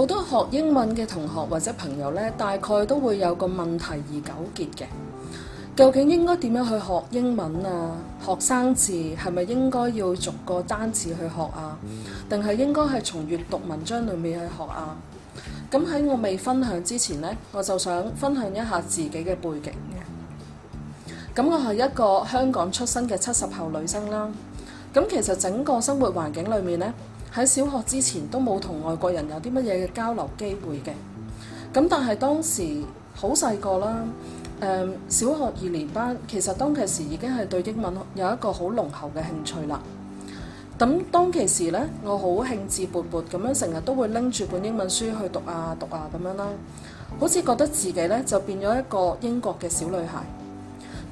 好多學英文嘅同學或者朋友呢，大概都會有個問題而糾結嘅，究竟應該點樣去學英文啊？學生字係咪應該要逐個單詞去學啊？定係應該係從閱讀文章裏面去學啊？咁喺我未分享之前呢，我就想分享一下自己嘅背景嘅。咁我係一個香港出生嘅七十後女生啦。咁其實整個生活環境裏面呢。喺小學之前都冇同外國人有啲乜嘢嘅交流機會嘅，咁但係當時好細個啦，誒、嗯、小學二年班，其實當其時已經係對英文有一個好濃厚嘅興趣啦。咁、嗯、當其時呢，我好興致勃勃咁樣成日都會拎住本英文書去讀啊讀啊咁樣啦，好似覺得自己呢就變咗一個英國嘅小女孩。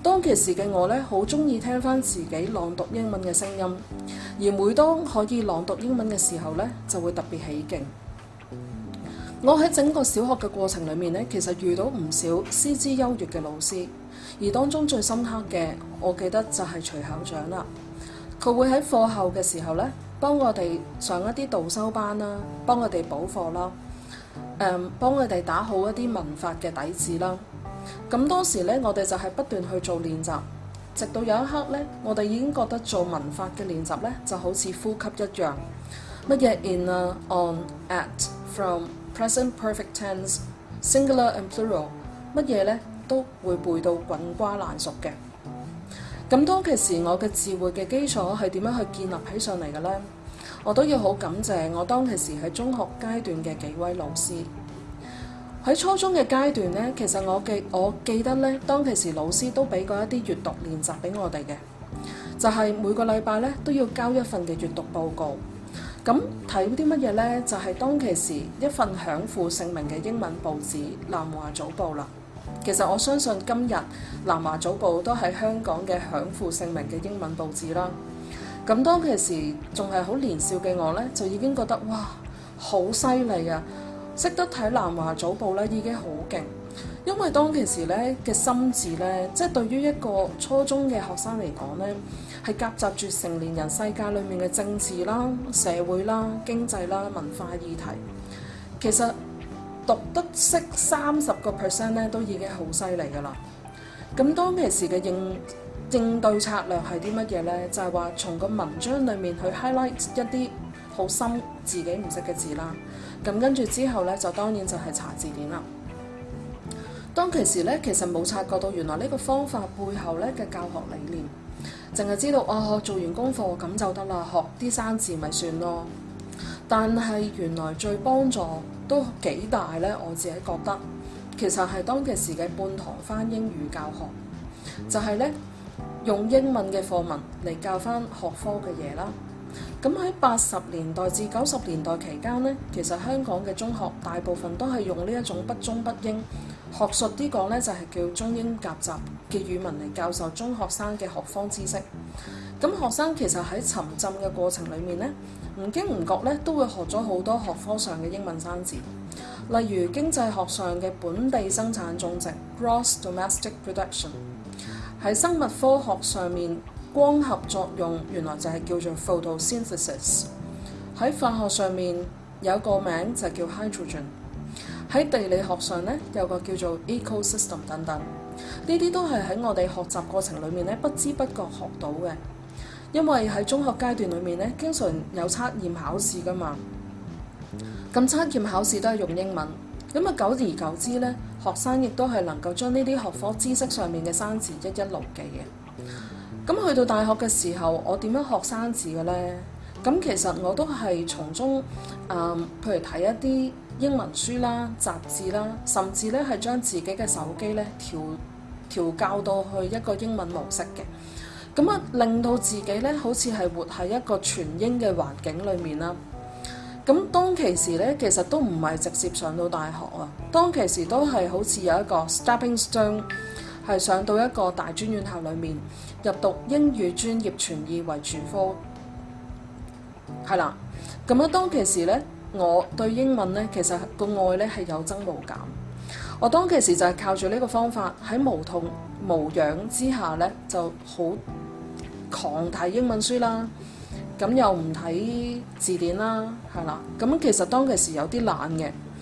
當其時嘅我呢，好中意聽翻自己朗讀英文嘅聲音。而每當可以朗讀英文嘅時候呢，就會特別起勁。我喺整個小學嘅過程裏面呢，其實遇到唔少師資優越嘅老師，而當中最深刻嘅，我記得就係徐校長啦。佢會喺課後嘅時候呢，幫我哋上一啲導修班啦，幫我哋補課啦，誒、嗯，幫我哋打好一啲文法嘅底子啦。咁當時呢，我哋就係不斷去做練習。直到有一刻咧，我哋已經覺得做文法嘅練習咧，就好似呼吸一樣。乜嘢 in, on, at, from, present perfect tense，singular and plural，乜嘢咧都會背到滾瓜爛熟嘅。咁當其時我嘅智慧嘅基礎係點樣去建立起上嚟嘅咧？我都要好感謝我當其時喺中學階段嘅幾位老師。喺初中嘅階段咧，其實我記我記得咧，當其時老師都俾過一啲閱讀練習俾我哋嘅，就係、是、每個禮拜咧都要交一份嘅閱讀報告。咁睇啲乜嘢呢？就係、是、當其時一份享負盛名嘅英文報紙《南華早報》啦。其實我相信今日《南華早報》都係香港嘅享負盛名嘅英文報紙啦。咁、嗯、當其時仲係好年少嘅我呢，就已經覺得哇，好犀利啊！識得睇《南華早報》咧，已經好勁，因為當其時咧嘅心智咧，即係對於一個初中嘅學生嚟講咧，係夾雜住成年人世界裡面嘅政治啦、社會啦、經濟啦、文化議題。其實讀得識三十個 percent 咧，都已經好犀利噶啦。咁當其時嘅應應對策略係啲乜嘢咧？就係話從個文章裡面去 highlight 一啲好深自己唔識嘅字啦。咁跟住之後呢，就當然就係查字典啦。當其時呢，其實冇察覺到原來呢個方法背後呢嘅教學理念，淨係知道哦，做完功課咁就得啦，學啲生字咪算咯。但係原來最幫助都幾大呢，我自己覺得其實係當其時嘅半堂翻英語教學，就係呢，用英文嘅課文嚟教翻學科嘅嘢啦。咁喺八十年代至九十年代期間呢，其實香港嘅中學大部分都係用呢一種不中不英，學術啲講呢，就係叫中英夾雜嘅語文嚟教授中學生嘅學科知識。咁學生其實喺沉浸嘅過程裡面呢，唔經唔覺咧都會學咗好多學科上嘅英文生字，例如經濟學上嘅本地生產總植，g r o s s domestic production），喺生物科學上面。光合作用原來就係叫做 photosynthesis，喺化學上面有個名就叫 hydrogen，喺地理學上呢，有個叫做 ecosystem 等等呢啲都係喺我哋學習過程裡面呢，不知不覺學到嘅，因為喺中學階段裡面呢，經常有測驗考試㗎嘛，咁測驗考試都係用英文咁啊，久而久之呢，學生亦都係能夠將呢啲學科知識上面嘅生字一一牢記嘅。咁去到大學嘅時候，我點樣學生字嘅呢？咁其實我都係從中，誒、呃，譬如睇一啲英文書啦、雜誌啦，甚至咧係將自己嘅手機咧調調校到去一個英文模式嘅，咁啊令到自己咧好似係活喺一個全英嘅環境裡面啦。咁當其時咧，其實都唔係直接上到大學啊，當其時都係好似有一個 stepping stone。係上到一個大專院校裏面入讀英語專業，全意為全科，係啦。咁啊，當其時呢，我對英文呢其實個愛呢係有增無減。我當其時就係靠住呢個方法，喺無痛無癢之下呢就好狂睇英文書啦。咁又唔睇字典啦，係啦。咁其實當其時有啲懶嘅。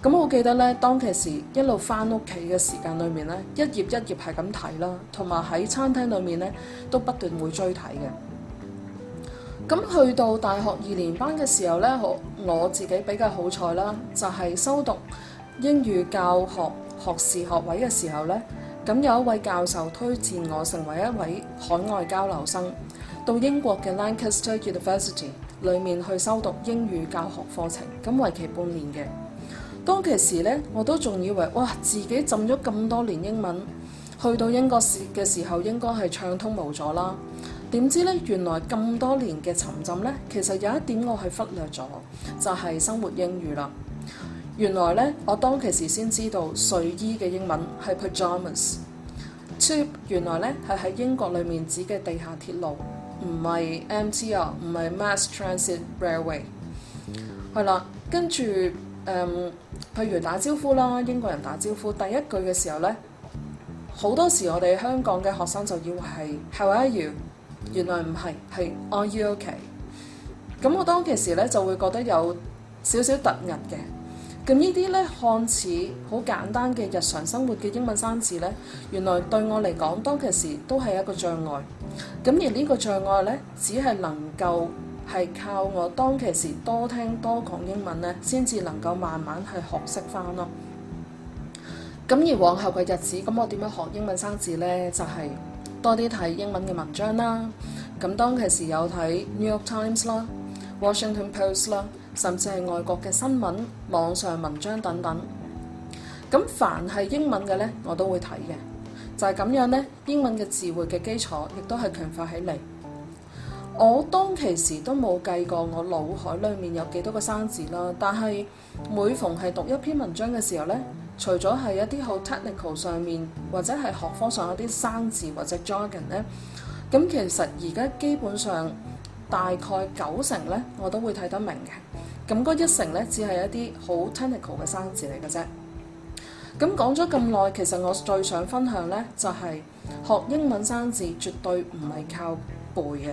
咁我記得咧，當其時一路翻屋企嘅時間裏面咧，一頁一頁係咁睇啦，同埋喺餐廳裏面咧都不斷會追睇嘅。咁去到大學二年班嘅時候咧，我自己比較好彩啦，就係修讀英語教學學士學位嘅時候咧，咁有一位教授推薦我成為一位海外交流生，到英國嘅 Lancaster University 裏面去修讀英語教學課程，咁為期半年嘅。當其時咧，我都仲以為哇，自己浸咗咁多年英文，去到英國時嘅時候應該係暢通無阻啦。點知呢，原來咁多年嘅沉浸呢，其實有一點我係忽略咗，就係、是、生活英語啦。原來呢，我當其時先知道睡衣嘅英文係 pyjamas。Tube、mm. 原來呢係喺英國裡面指嘅地下鐵路，唔係 MTR，唔係 Mass Transit Railway。係、mm. 啦，跟住誒。嗯譬如打招呼啦，英國人打招呼第一句嘅時候呢，好多時我哋香港嘅學生就以為係 How are you？原來唔係，係 Are you okay？咁我當其時呢，就會覺得有少少突兀嘅。咁呢啲呢，看似好簡單嘅日常生活嘅英文生字呢，原來對我嚟講當其時都係一個障礙。咁而呢個障礙呢，只係能夠。係靠我當其時多聽多講英文咧，先至能夠慢慢去學識翻咯。咁而往後嘅日子，咁我點樣學英文生字呢？就係、是、多啲睇英文嘅文章啦。咁當其時有睇 New York Times 啦、Washington Post 啦，甚至係外國嘅新聞、網上文章等等。咁凡係英文嘅呢，我都會睇嘅。就係、是、咁樣呢，英文嘅字匯嘅基礎亦都係強化起嚟。我當其時都冇計過，我腦海裡面有幾多個生字啦。但係每逢係讀一篇文章嘅時候呢，除咗係一啲好 technical 上面，或者係學科上一啲生字或者 jargon 呢，咁其實而家基本上大概九成呢，我都會睇得明嘅。咁嗰一成呢，只係一啲好 technical 嘅生字嚟嘅啫。咁講咗咁耐，其實我最想分享呢，就係學英文生字絕對唔係靠背嘅。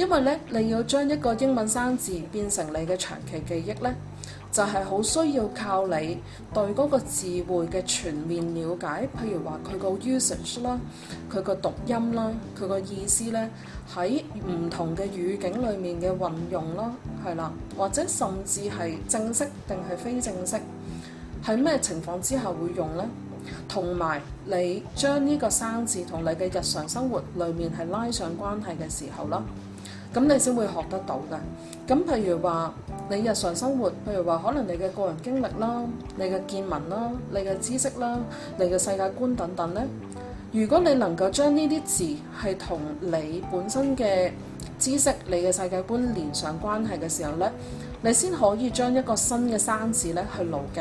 因為咧，你要將一個英文生字變成你嘅長期記憶咧，就係好需要靠你對嗰個字彙嘅全面了解。譬如話佢個 usage 啦，佢個讀音啦，佢個意思咧，喺唔同嘅語境裡面嘅運用啦，係啦，或者甚至係正式定係非正式，喺咩情況之下會用呢？同埋你將呢個生字同你嘅日常生活裡面係拉上關係嘅時候啦。咁你先會學得到嘅。咁譬如話，你日常生活，譬如話，可能你嘅個人經歷啦、你嘅見聞啦、你嘅知識啦、你嘅世界觀等等呢。如果你能夠將呢啲字係同你本身嘅知識、你嘅世界觀連上關係嘅時候呢，你先可以將一個新嘅生字呢去牢記。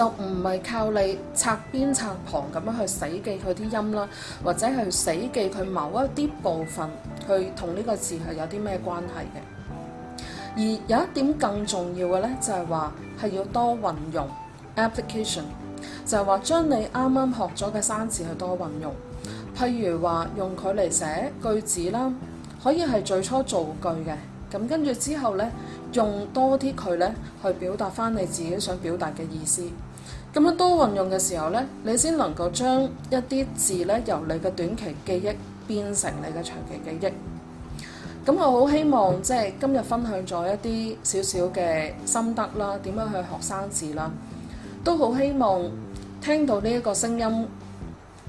就唔係靠你拆邊拆旁咁樣去死記佢啲音啦，或者係死記佢某一啲部分，去同呢個字係有啲咩關係嘅。而有一點更重要嘅呢，就係話係要多運用 application，就係話將你啱啱學咗嘅生字去多運用。譬如話用佢嚟寫句子啦，可以係最初造句嘅咁，跟住之後呢，用多啲佢呢去表達翻你自己想表達嘅意思。咁樣多運用嘅時候呢，你先能夠將一啲字呢由你嘅短期記憶變成你嘅長期記憶。咁我好希望即係今日分享咗一啲少少嘅心得啦，點樣去學生字啦，都好希望聽到呢一個聲音。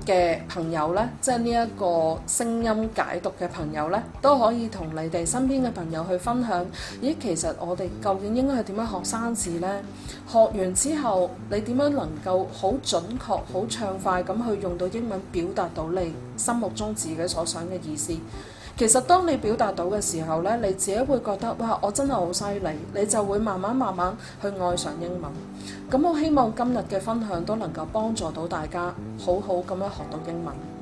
嘅朋友咧，即係呢一個聲音解讀嘅朋友咧，都可以同你哋身邊嘅朋友去分享。咦，其實我哋究竟應該係點樣學生字咧？學完之後，你點樣能夠好準確、好暢快咁去用到英文表達到你心目中自己所想嘅意思？其實當你表達到嘅時候咧，你自己會覺得哇，我真係好犀利！你就會慢慢慢慢去愛上英文。咁我希望今日嘅分享都能夠幫助到大家，好好咁樣，學到英文。